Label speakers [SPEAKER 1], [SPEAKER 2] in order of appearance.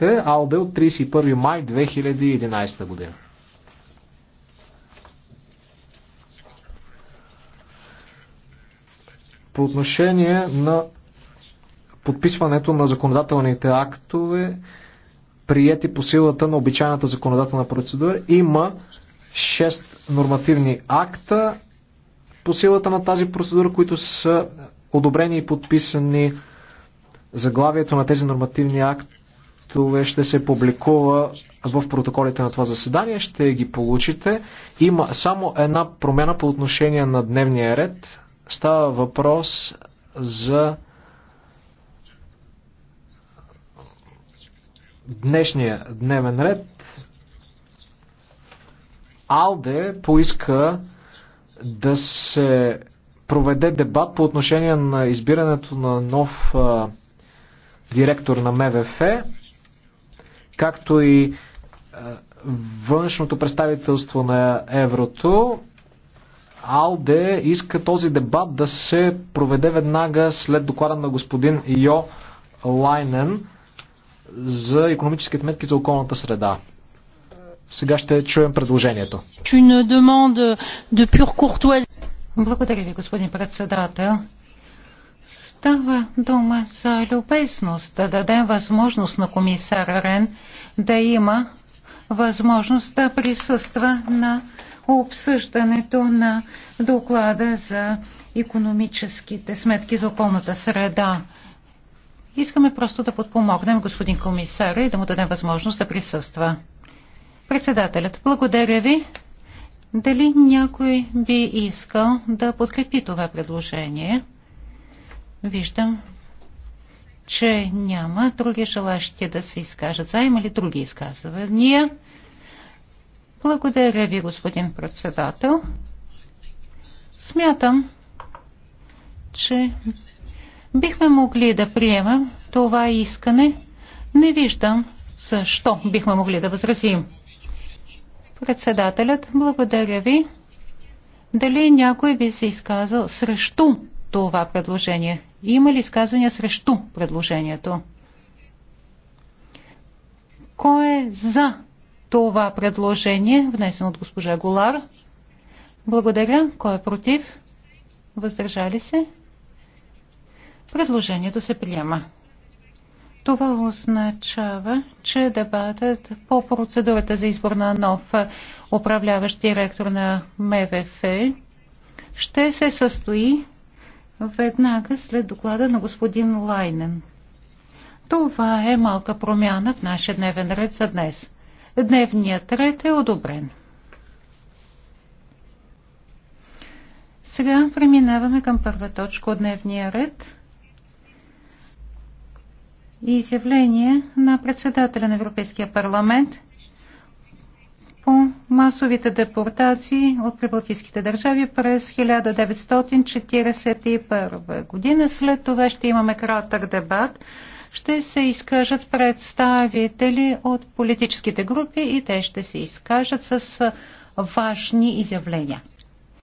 [SPEAKER 1] документите АЛДЕ от 31 май 2011 година. По отношение на подписването на законодателните актове, прияти по силата на обичайната законодателна процедура, има 6 нормативни акта по силата на тази процедура, които са одобрени и подписани. Заглавието на тези нормативни акт текстове ще се публикува в протоколите на това заседание. Ще ги получите. Има само една промяна по отношение на дневния ред. Става въпрос за днешния дневен ред. Алде поиска да се проведе дебат по отношение на избирането на нов а, директор на МВФ както и е, външното представителство на еврото, АЛДЕ иска този дебат да се проведе веднага след доклада на господин Йо Лайнен за економическите метки за околната среда. Сега ще чуем предложението.
[SPEAKER 2] Благодаря ви, господин председател. Става дума за любезност да дадем възможност на комисар Рен да има възможност да присъства на обсъждането на доклада за економическите сметки за околната среда. Искаме просто да подпомогнем господин комисар, и да му дадем възможност да присъства. Председателят, благодаря ви. Дали някой би искал да подкрепи това предложение? Виждам, че няма други желащи да се изкажат. заема ли други изказвания? Благодаря ви, господин председател. Смятам, че бихме могли да приемем това искане. Не виждам защо бихме могли да възразим. Председателят, благодаря ви. Дали някой би се изказал срещу това предложение? Има ли изказвания срещу предложението? Кой е за това предложение, внесено от госпожа Голар? Благодаря. Кой е против? Въздържали се? Предложението се приема. Това означава, че дебатът по процедурата за избор на нов управляващ директор на МВФ ще се състои веднага след доклада на господин Лайнен. Това е малка промяна в нашия дневен ред за днес. Дневният ред е одобрен. Сега преминаваме към първа точка от дневния ред. Изявление на председателя на Европейския парламент по масовите депортации от прибалтийските държави през 1941 година. След това ще имаме кратък дебат. Ще се изкажат представители от политическите групи и те ще се изкажат с важни изявления.